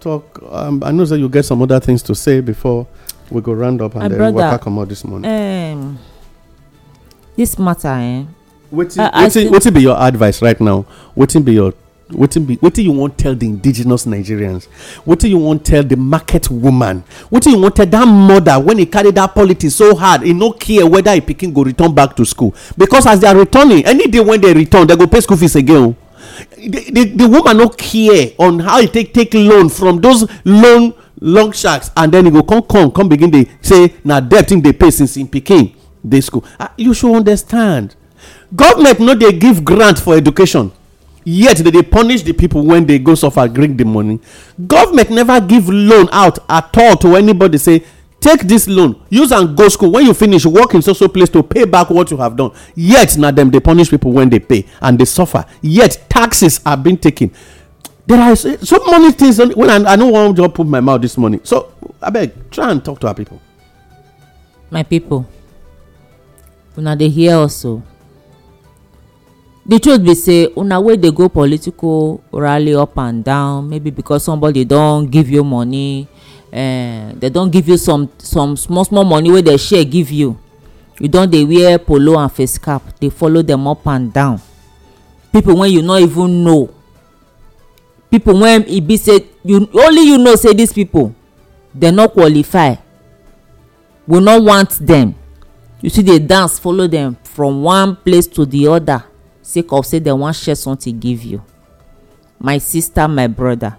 Speaker 2: talk um, i know say you get some other things to say before we go round up and then waka comot this morning
Speaker 3: Um, this matter eh wetin
Speaker 2: be your advice right now wetin be your wetin be wetin you wan tell the indigenous nigerians wetin you wan tell the market woman wetin you wan tell dat mother when he carry that politics so hard He no care whether e pikin go return back to school because as they are returning any day when they return they go pay school fees again oh. the the woman no care on how he take take loan from those loan loan sharks and then he go come come come begin dey say na debt im dey pay since im pikin dey school ah, you should understand government no dey give grant for education yet they dey punish the people when they go suffer bring di money government never give loan out at all to anybody say take this loan use am go school when you finish work in so so place to pay back what you have done yet na dem dey punish people when dey pay and dey suffer yet taxes are being taken there are so many things when i no wan just put my mouth this morning so abeg try and talk to our people.
Speaker 3: my people, una dey hear also the truth be say una wey dey go political rally up and down maybe because somebody don give you money uh, eh, dem don give you some some small small money wey dem share give you you don dey wear polo and face cap dey follow dem up and down people wey you no even know people wey e be say you only you know say these people dem no qualify we no want dem you still dey dance follow dem from one place to the other sake of say dem wan share something give you my sister my brother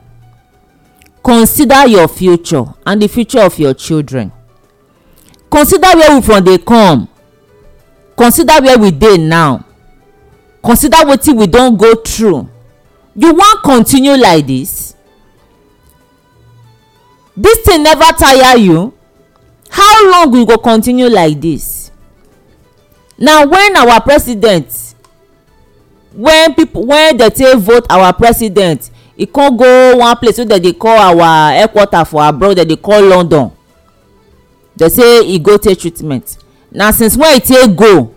Speaker 3: consider your future and the future of your children consider where we from dey come consider where we dey now consider wetin we don go through you wan continue like this this thing never tire you how long we go continue like this na when our president when people when dey take vote our president e come go one place wey dem dey call our headquarter for abroad dem dey call london dey say e go take treatment na since when e take go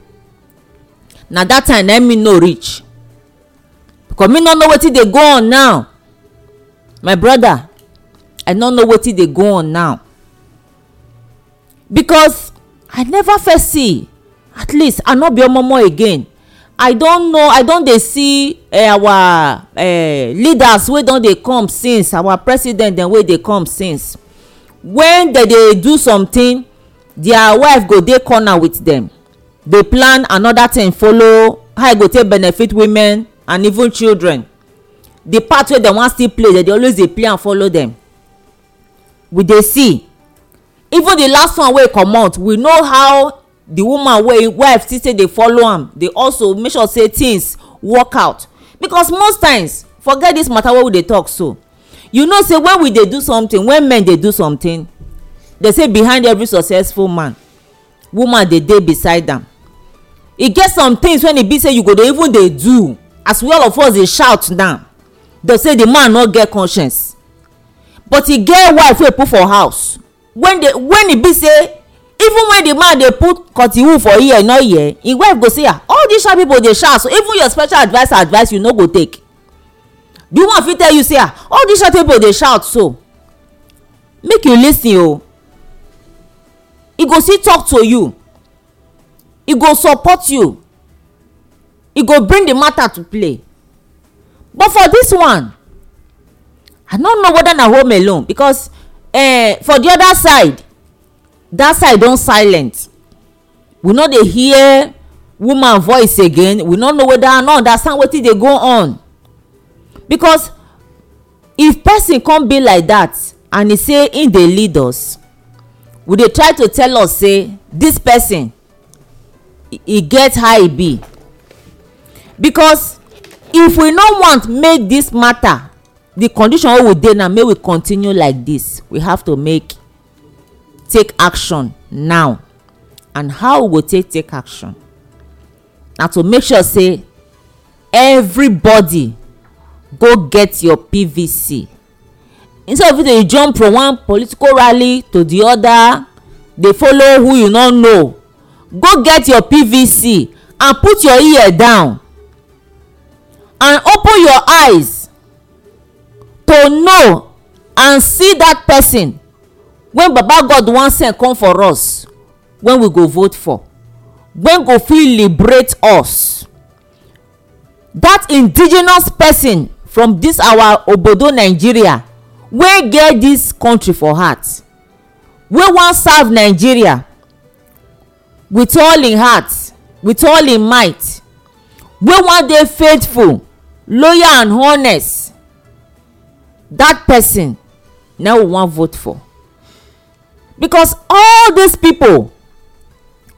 Speaker 3: na that time na me no reach because me no know wetin dey go on now my brother i no know wetin dey go on now because i never first see at least i no be omomo again i don know i don dey see eh, our eh, leaders wey don dey come since our president dem wey dey come since when dem dey do something their wife go dey corner with dem dey plan another thing follow how e go take benefit women and even children the part wey dem wan still play dem dey always dey play am follow dem we dey see even the last one wey comot we know how the woman wey im wife still say dey follow am dey also make sure say things work out because most times forget this matter wey we dey talk so you know say when we dey do something when men dey do something dey say behind every successful man woman dey dey beside am e get some things when e be say you go dey even dey do as we all of us dey shout now dey say the man no get conscience but e get wife wey put for house when dey when e be say even when the man dey put cotton for ear e no hear him wife go say ah all these sharp people dey shout so even your special adviser advice you no go take the woman fit tell you say ah all these sharp people dey shout so make you lis ten o e go still talk to you e go support you e go bring the matter to play but for this one i no know whether na home alone because eh, for the other side dat side don silent we no dey hear woman voice again we no know whether i no understand wetin dey go on because if person come be like that and he say im dey lead us we dey try to tell us say this person e get how e be because if we no want make this matter the condition wey we dey now make we continue like this we have to make take action now and how we go take take action na to make sure say everybody go get your pvc instead of you dey jump from one political rally to the other dey follow who you no know go get your pvc and put your ear down and open your eyes to know and see that person When baba god wan send come for us when we go vote for when go fit liberate us that indigenous person from this our obodo nigeria wey get this country for heart wey wan serve nigeria with all im heart with all im might wey wan dey faithful loyal and honest that person na we wan vote for because all these people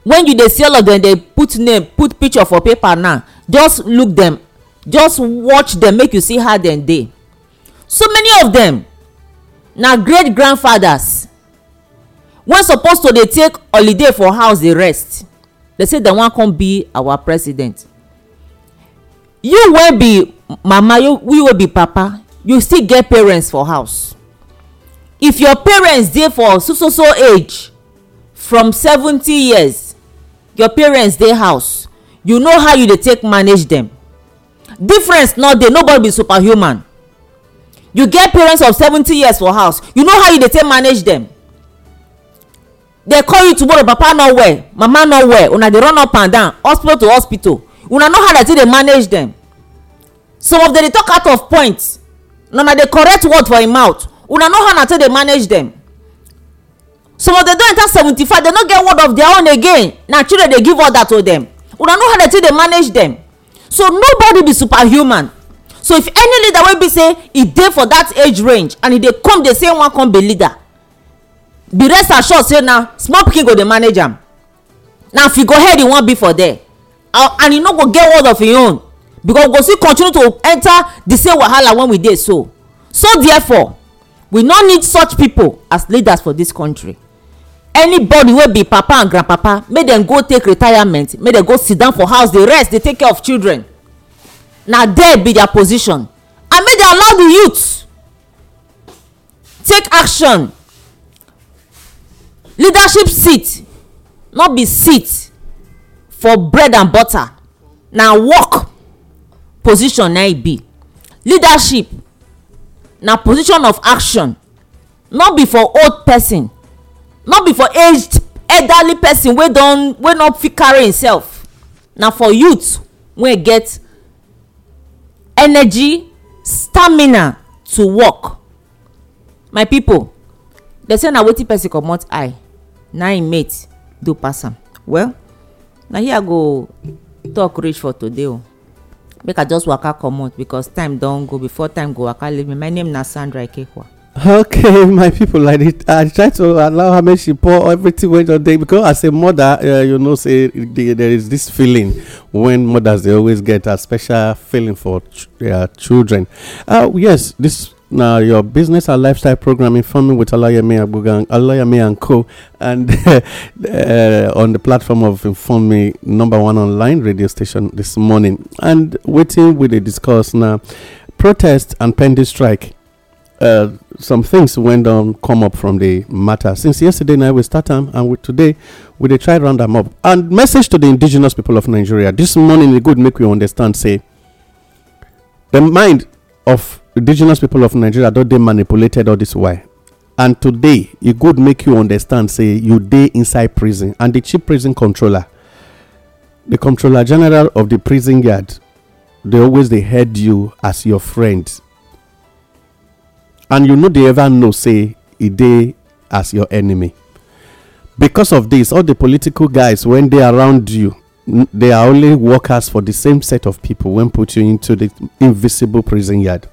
Speaker 3: when you dey see all of them dey put name put picture for paper now just look them just watch them make you see how dem dey so many of them na great grandfathers wey suppose to dey take holiday for house dey rest dey say dem wan come be our president you wey be mama you, you wey be papa you still get parents for house if your parents dey for so so so age from seventy years your parents dey house you know how you dey take manage dem difference no dey nobody be superhuman you get parents of seventy years for house you know how you dey take manage dem dey call you tomorrow papa no well mama no well una dey run up and down hospital to hospital una know how dey take dey manage dem some of dem dey talk out of point na na the correct word for im mouth una know how na take dey manage dem some of dem don enter seventy-five dem no get word of their own again na children dey give order to dem una know how dem take dey manage dem so nobody be superhuman so if any leader wey be say e dey for that age range and e dey come dey say wan come be leader be rest assured say na small pikin go dey manage am na figurehead e wan be for there and e no go get word of im own because we go still continue to enter the same wahala when we dey so so therefore we no need such people as leaders for this country anybody wey be papa and grandpapa make dem go take retirement make dem go sit down for house dey rest dey take care of children na there be their position and make dem allow the youth take action leadership seat no be seat for bread and butter na work position na e be leadership na position of action not be for old person not be for aged elderly person wey don wey no fit carry himself na for youth wey get energy stamina to work my people, dey say na wetin person comot eye na im mate do pass am well na here i go talk reach for today o make i just waka comot because time don go before time go waka leave me my name na sandra ikehua.
Speaker 2: okay my people i dey i try to allow her make she pour everything wey don dey because as a mother uh, you know say there is this feeling when mothers dey always get a special feeling for ch- their uh, children uh, yes this Now, your business and lifestyle program informing with Alayame Abugang, Alayame and Co. And uh, on the platform of Inform Me, number one online radio station this morning. And waiting with the discourse now, protest and pending strike. Uh, some things went on come up from the matter since yesterday night we start time and we, today we they try round them up and message to the indigenous people of nigeria this morning it good make you understand say the mind of indigenous people of nigeria don't they manipulated all this way, and today it would make you understand say you day inside prison and the chief prison controller the controller general of the prison yard they always they head you as your friend and you know they ever know say a day as your enemy because of this, all the political guys when they around you they are only workers for the same set of people when put you into the invisible prison yard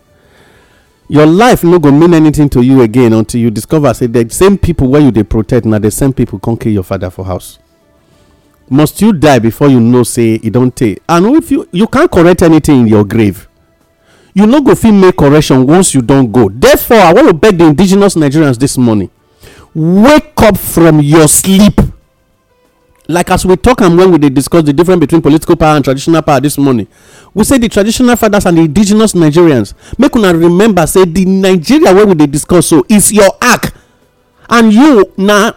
Speaker 2: your life no go mean anything to you again until you discover say the same people wey you dey protect na the same people come kill your father for house must you die before you know say e don tey and if you you can't correct anything in your grave you no go fit make correction once you don go therefore i wan to beg the indigenous nigerians this morning wake up from your sleep like as we talk am when we dey discuss the difference between political power and traditional power this morning we say the traditional fathers and di indigenous nigerians make una remember say the nigeria wey we dey discuss so is your arc and you na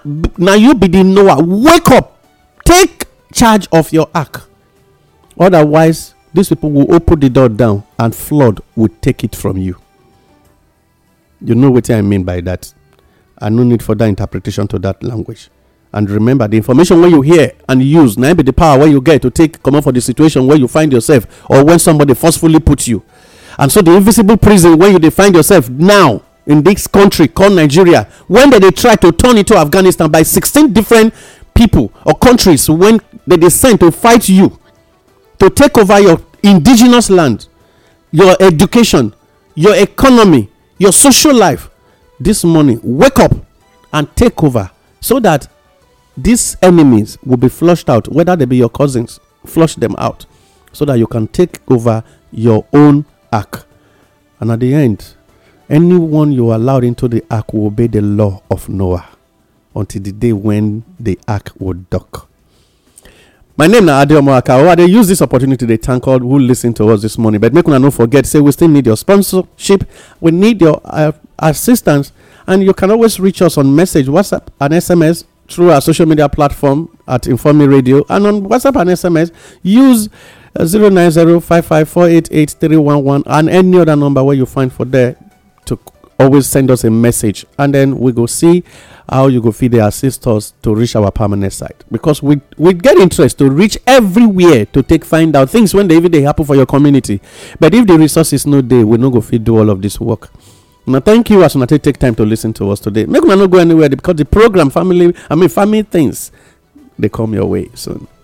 Speaker 2: you be the knower wake up take charge of your arc otherwise these people go open the door down and flood will take it from you you know wetin i mean by that, i no need further interpretation to that language and remember the information where you hear and use na be the power where you get to take command for the situation where you find yourself or when somebody forcefully puts you and so the invisible prison where you define find yourself now in this country called nigeria When did they try to turn into afghanistan by 16 different people or countries when they dey to fight you to take over your indigenous land your education your economy your social life This morning wake up and take over so that these enemies will be flushed out, whether they be your cousins, flush them out so that you can take over your own ark. And at the end, anyone you allowed into the ark will obey the law of Noah until the day when the ark will dock. My name na Adeomo Akawa. They use this opportunity to thank all who listen to us this morning. But make no forget, say we still need your sponsorship. We need your uh, assistance. And you can always reach us on message, WhatsApp, and SMS through our social media platform at Informe Radio and on WhatsApp and SMS, use uh, 09055488311 and any other number where you find for there to always send us a message and then we go see how you go feed the assist us to reach our permanent site because we we get interest to reach everywhere to take find out things when they even they happen for your community but if the resources no there we no go feed do all of this work Now, thank you as una take, take time to listen to us today. Make me not go anywhere because the program family, I mean family things, they come your way soon.